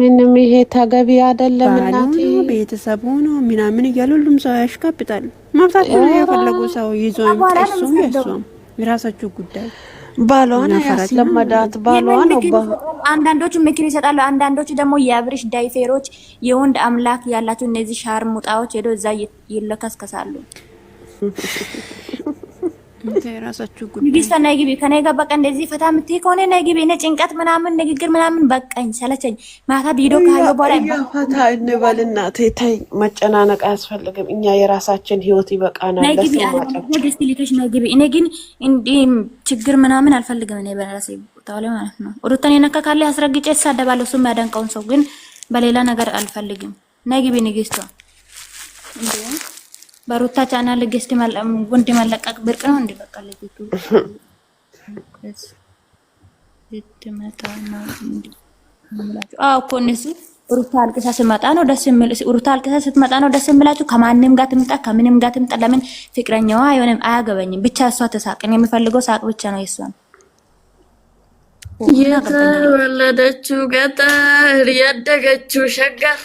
ምንም ይሄ ተገቢ አይደለም። እናቴ ቤተሰብ ሆኖ ምናምን እያለ ሁሉም ሰው ያሽካብጣል። መብታቸው የፈለጉ ሰው ይዞ እሱም የእሷም የራሳቸው ጉዳይ ባሏን ያስለመዳት ባሏ ነው። አንዳንዶቹ ምክር ይሰጣሉ። አንዳንዶቹ ደግሞ የአብርሽ ዳይፌሮች የወንድ አምላክ ያላቸው እነዚህ ሻርሙጣዎች ሄዶ እዛ ይለከስከሳሉ። የራሳችሁ ጉዳይ። ነይ ግቢ ከኔ ጋር በቃ እንደዚህ ፈታ የምትይ ከሆነ ነይ ግቢ። እኔ ጭንቀት ምናምን ንግግር ምናምን በቃኝ፣ ሰለቸኝ። ማታ ቪዲዮ ካየሁ በኋላ ፈታ እንበል። እናቴ ተይ፣ መጨናነቅ አያስፈልግም። እኛ የራሳችን ህይወት ይበቃናል። ነይ ግቢ ደስ ሊልሽ ነይ ግቢ። እኔ ግን እንዲህ ችግር ምናምን አልፈልግም። እኔ በራሴ ቦታው ላይ ማለት ነው። ሩታን የነካ ካለ አስረግጬ እሳደባለሁ። እሱ የሚያደንቀውን ሰው ግን በሌላ ነገር አልፈልግም። ነይ ግቢ ንግስቷ በሩታ ቻናል ጌስት ወንድ መለቀቅ ብርቅ ነው። እንደ በቃ ልጅቱ ሩታ አልቅሳ ስትመጣ ነው ደስ የሚል ሩታ አልቅሳ የሚላችሁ። ከማንም ጋር ትምጣ ከምንም ጋር ትምጣ፣ ለምን ፍቅረኛዋ አይሆንም፣ አያገበኝም። ብቻ እሷ ተሳቅን የሚፈልገው ሳቅ ብቻ ነው የእሷ ነው። የተወለደችው ገጠር ያደገችው ሸገር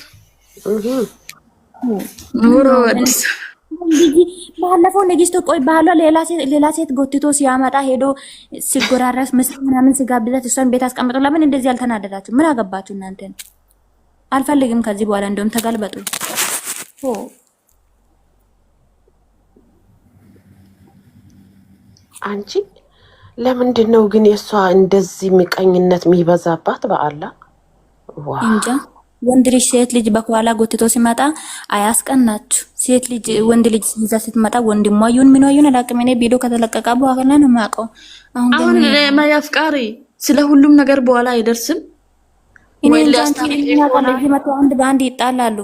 ኑሮ አዲስ ባለፈው ንግስት ቆይ ባሏ ሌላ ሴት ጎትቶ ሲያመጣ ሄዶ ሲጎራረስ ምስ ምናምን ሲጋብዛት እሷን ቤት አስቀምጠው። ለምን እንደዚህ አልተናደዳችሁ? ምን አገባችሁ እናንተ? አልፈልግም ከዚህ በኋላ እንደውም ተገልበጡ። አንቺ ለምንድን ነው ግን የእሷ እንደዚህ ምቀኝነት የሚበዛባት? በአላ እንጃ ወንድ ልጅ ሴት ልጅ በኋላ ጎትቶ ሲመጣ አያስቀናችሁ። ሴት ልጅ ወንድ ልጅ ይዛ ስትመጣ ወንድሟ ይሁን ምን ይሁን አላቅም። እኔ ቪዲዮ ከተለቀቀ በኋላ ነው የማውቀው። አሁን ማያ አፍቃሪ ስለ ሁሉም ነገር በኋላ አይደርስም። እኔ አንድ በአንድ ይጣላሉ።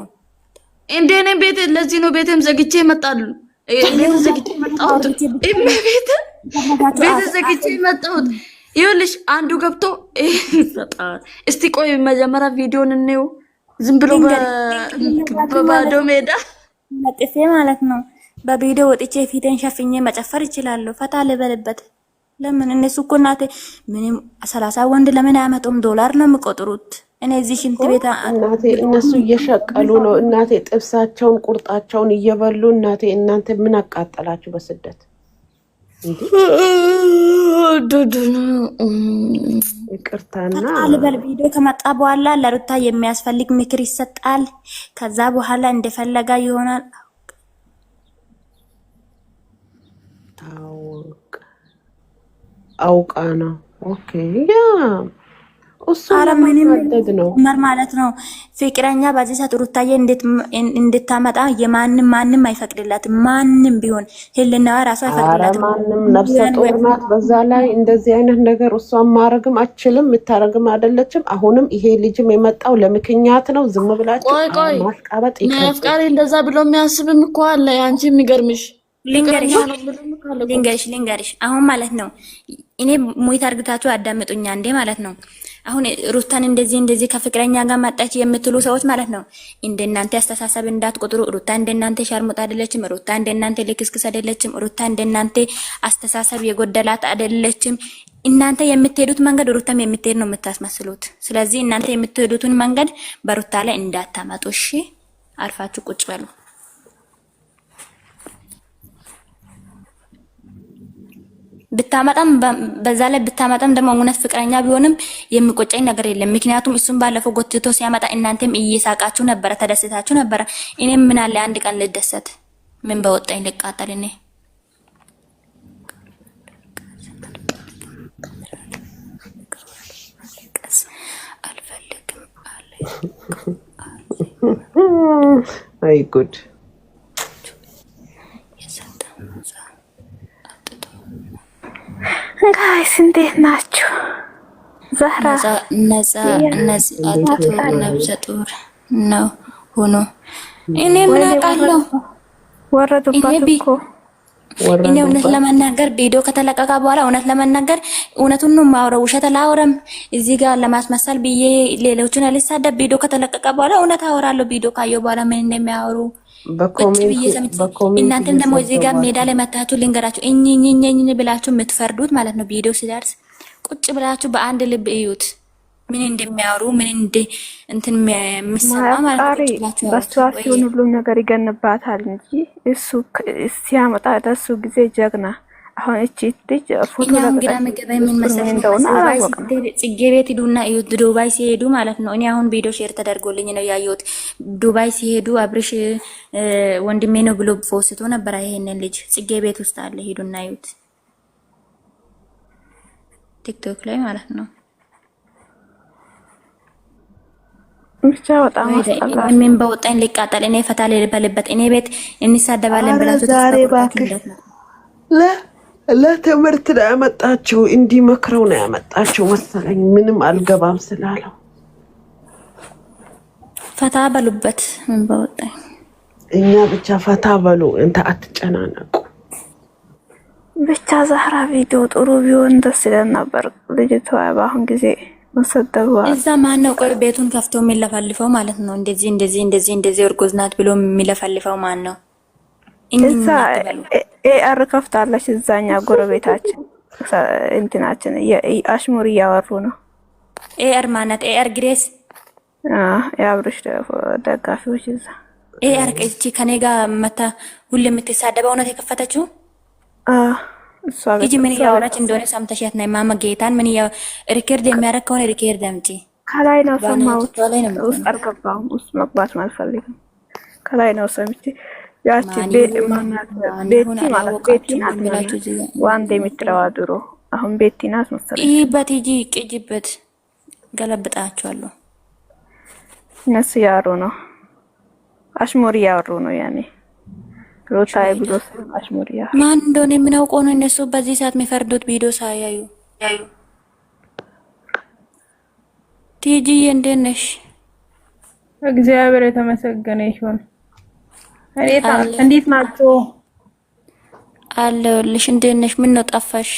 እንደ ቤት ለዚህ ነው ቤትም ዘግቼ ይመጣሉ። ቤት ዘግቼ መጣሁት። ቤት ቤት ዘግቼ መጣሁት። ይኸውልሽ አንዱ ገብቶ እስቲ ቆይ መጀመሪያ ቪዲዮን እንየው። ዝም ብሎ በባዶ ሜዳ መጥፌ ማለት ነው። በቪዲዮ ወጥቼ ፊቴን ሸፍኜ መጨፈር ይችላሉ ፈታ ልበልበት። ለምን እነሱ እኮ እናቴ ምንም ሰላሳ ወንድ ለምን አያመጡም? ዶላር ነው የሚቆጥሩት። እኔ እዚህ ሽንት ቤት እናቴ እነሱ እየሸቀሉ ነው እናቴ፣ ጥብሳቸውን ቁርጣቸውን እየበሉ እናቴ። እናንተ ምን አቃጠላችሁ በስደት ይቅርታና ቪዲዮ ከመጣ በኋላ ለሩታ የሚያስፈልግ ምክር ይሰጣል። ከዛ በኋላ እንደፈለጋ ይሆናል። አውቃ ነው ኦኬ ያ ኡሱመር ማለት ነው ፍቅረኛ በዚህ ሰዓት ሩታዬ እንድታመጣ የማንም ማንም አይፈቅድላት። ማንም ቢሆን ህልናዋ ራሱ አይፈቅድላት። ማንም ነፍሰ ጡር ናት። በዛ ላይ እንደዚህ አይነት ነገር እሷን ማረግም አችልም፣ የምታረግም አይደለችም። አሁንም ይሄ ልጅም የመጣው ለምክንያት ነው። ዝም ብላችሁ ማስቃበጥ ይቀጥል። እንደዛ ብሎ የሚያስብም እኮ አለ። አንቺ የሚገርምሽ ልንገርሽ ልንገርሽ አሁን ማለት ነው እኔ ሙይት አርግታችሁ አዳምጡኛ እንዴ ማለት ነው። አሁን ሩታን እንደዚህ እንደዚህ ከፍቅረኛ ጋር መጣች የምትሉ ሰዎች ማለት ነው እንደናንተ አስተሳሰብ እንዳትቆጥሩ። ሩታ እንደናንተ ሸርሙጥ አይደለችም። ሩታ እንደናንተ ልክስክስ አይደለችም። ሩታ እንደናንተ አስተሳሰብ የጎደላት አይደለችም። እናንተ የምትሄዱት መንገድ ሩታም የምትሄድ ነው የምታስመስሉት። ስለዚህ እናንተ የምትሄዱትን መንገድ በሩታ ላይ እንዳታመጡ። እሺ አርፋችሁ ቁጭ በሉ። ብታመጣም በዛ ላይ ብታመጣም ደግሞ እውነት ፍቅረኛ ቢሆንም የሚቆጨኝ ነገር የለም። ምክንያቱም እሱም ባለፈው ጎትቶ ሲያመጣ እናንተም እየሳቃችሁ ነበረ፣ ተደስታችሁ ነበረ። እኔም ምን አለ አንድ ቀን ልደሰት፣ ምን በወጣኝ ልቃጠል። እኔ አልፈልግም አይ ጉድ ጋይስ እንዴት ናችሁ? ዛህራ ነጻ እነዚህ አጥቶ ነብሰ ጡር ነው ሆኖ እኔ ምን አውቃለሁ ወረዱባት እኮ እኔ እውነት ለመናገር ቪዲዮ ከተለቀቀ በኋላ እውነት ለመናገር እውነቱን ነው የማወራው፣ ውሸት አላወራም። እዚህ ጋር ለማስመሰል ብዬ ሌሎችን አልሳደብ። ቪዲዮ ከተለቀቀ በኋላ እውነት አወራለሁ። ቪዲዮ ካየሁ በኋላ ምን እንደሚያወሩ እናንተም ደግሞ እዚህ ጋር ሜዳ ላይ መታችሁ ልንገራችሁ፣ እኝኝኝኝ ብላችሁ የምትፈርዱት ማለት ነው። ቪዲዮ ሲደርስ ቁጭ ብላችሁ በአንድ ልብ እዩት፣ ምን እንደሚያወሩ ምን እንደ እንትን የሚሰማ ማለት ነው። በስተዋሲውን ሁሉም ነገር ይገንባታል እንጂ እሱ ሲያመጣ ለሱ ጊዜ ጀግና አሁን እቺ ልጅ ፎቶ ግራ መገባ የምንመሰል ጽጌ ቤት ሂዱና እዩት። ዱባይ ሲሄዱ ማለት ነው። እኔ አሁን ቪዲዮ ሼር ተደርጎልኝ ነው ያየሁት። ዱባይ ሲሄዱ አብርሽ ወንድሜ ነው ብሎ ፎስቶ ነበረ። ይሄንን ልጅ ጽጌ ቤት ውስጥ አለ፣ ሂዱና እዩት። ቲክቶክ ላይ ማለት ነው። ብቻ በጣም ምን በወጣኝ ሊቃጠል እኔ ፈታ ልበልበት እኔ ቤት እንሳደባለን ብላችሁ ተስተባብራችሁ ለትምህርት ነው ያመጣቸው። እንዲመክረው ነው ያመጣቸው መሰለኝ። ምንም አልገባም ስላለው ፈታ በሉበት። ምን በወጣኝ እኛ ብቻ ፈታ በሉ፣ እንተ አትጨናነቁ ብቻ። ዛህራ ቪዲዮ ጥሩ ቢሆን ደስ ይለን ነበር። ልጅቷ በአሁን ጊዜ መሰደበዋል። እዛ ማን ነው ቆይ ቤቱን ከፍቶ የሚለፈልፈው ማለት ነው? እንደዚህ እንደዚህ እንደዚህ እንደዚህ እርጉዝ ናት ብሎ የሚለፈልፈው ማን ነው? ኤአር ከፍታለች። እዛኛ ጎረቤታችን እንትናችን አሽሙር እያወሩ ነው። ኤአር ማነት ኤአር ግሬስ የአብሮሽ ደጋፊዎች እዛ ኤአር ቀቺ ከኔ ጋር መታ ሁሌ የምትሳደበው እውነት የከፈተችው እጂ ምን እያወራች እንደሆነ ሰምተሻት ናይ ማማ ጌታን ምን ሪኬርድ የሚያደርግ ከሆነ ሪኬርድ አምጪ። ከላይ ነው ሰማሁት። ውስጥ አልገባሁም። ውስጥ መግባት አልፈልግም። ከላይ ነው ሰምቼ ያቺ ቤቲ ማለት ቤቲ የምትለዋ ድሮ፣ አሁን ቤቲ ናት መሰለኝ። ይህበት ሂጂ ቅጅበት እነሱ ነው፣ አሽሙር ነው። ያኔ ሮታይ ብሎ አሽሙር ያ ማን እንደሆነ የምናውቀው ነው። እነሱ በዚህ ሰዓት የሚፈርዱት ቪዲዮ ሳያዩ ቲጂ እንዴት ነሽ? እግዚአብሔር የተመሰገነ ይሁን። እንዴት ናችሁ? አለሁልሽ። እንዴት ነሽ? ምን ነው ጠፋሽ?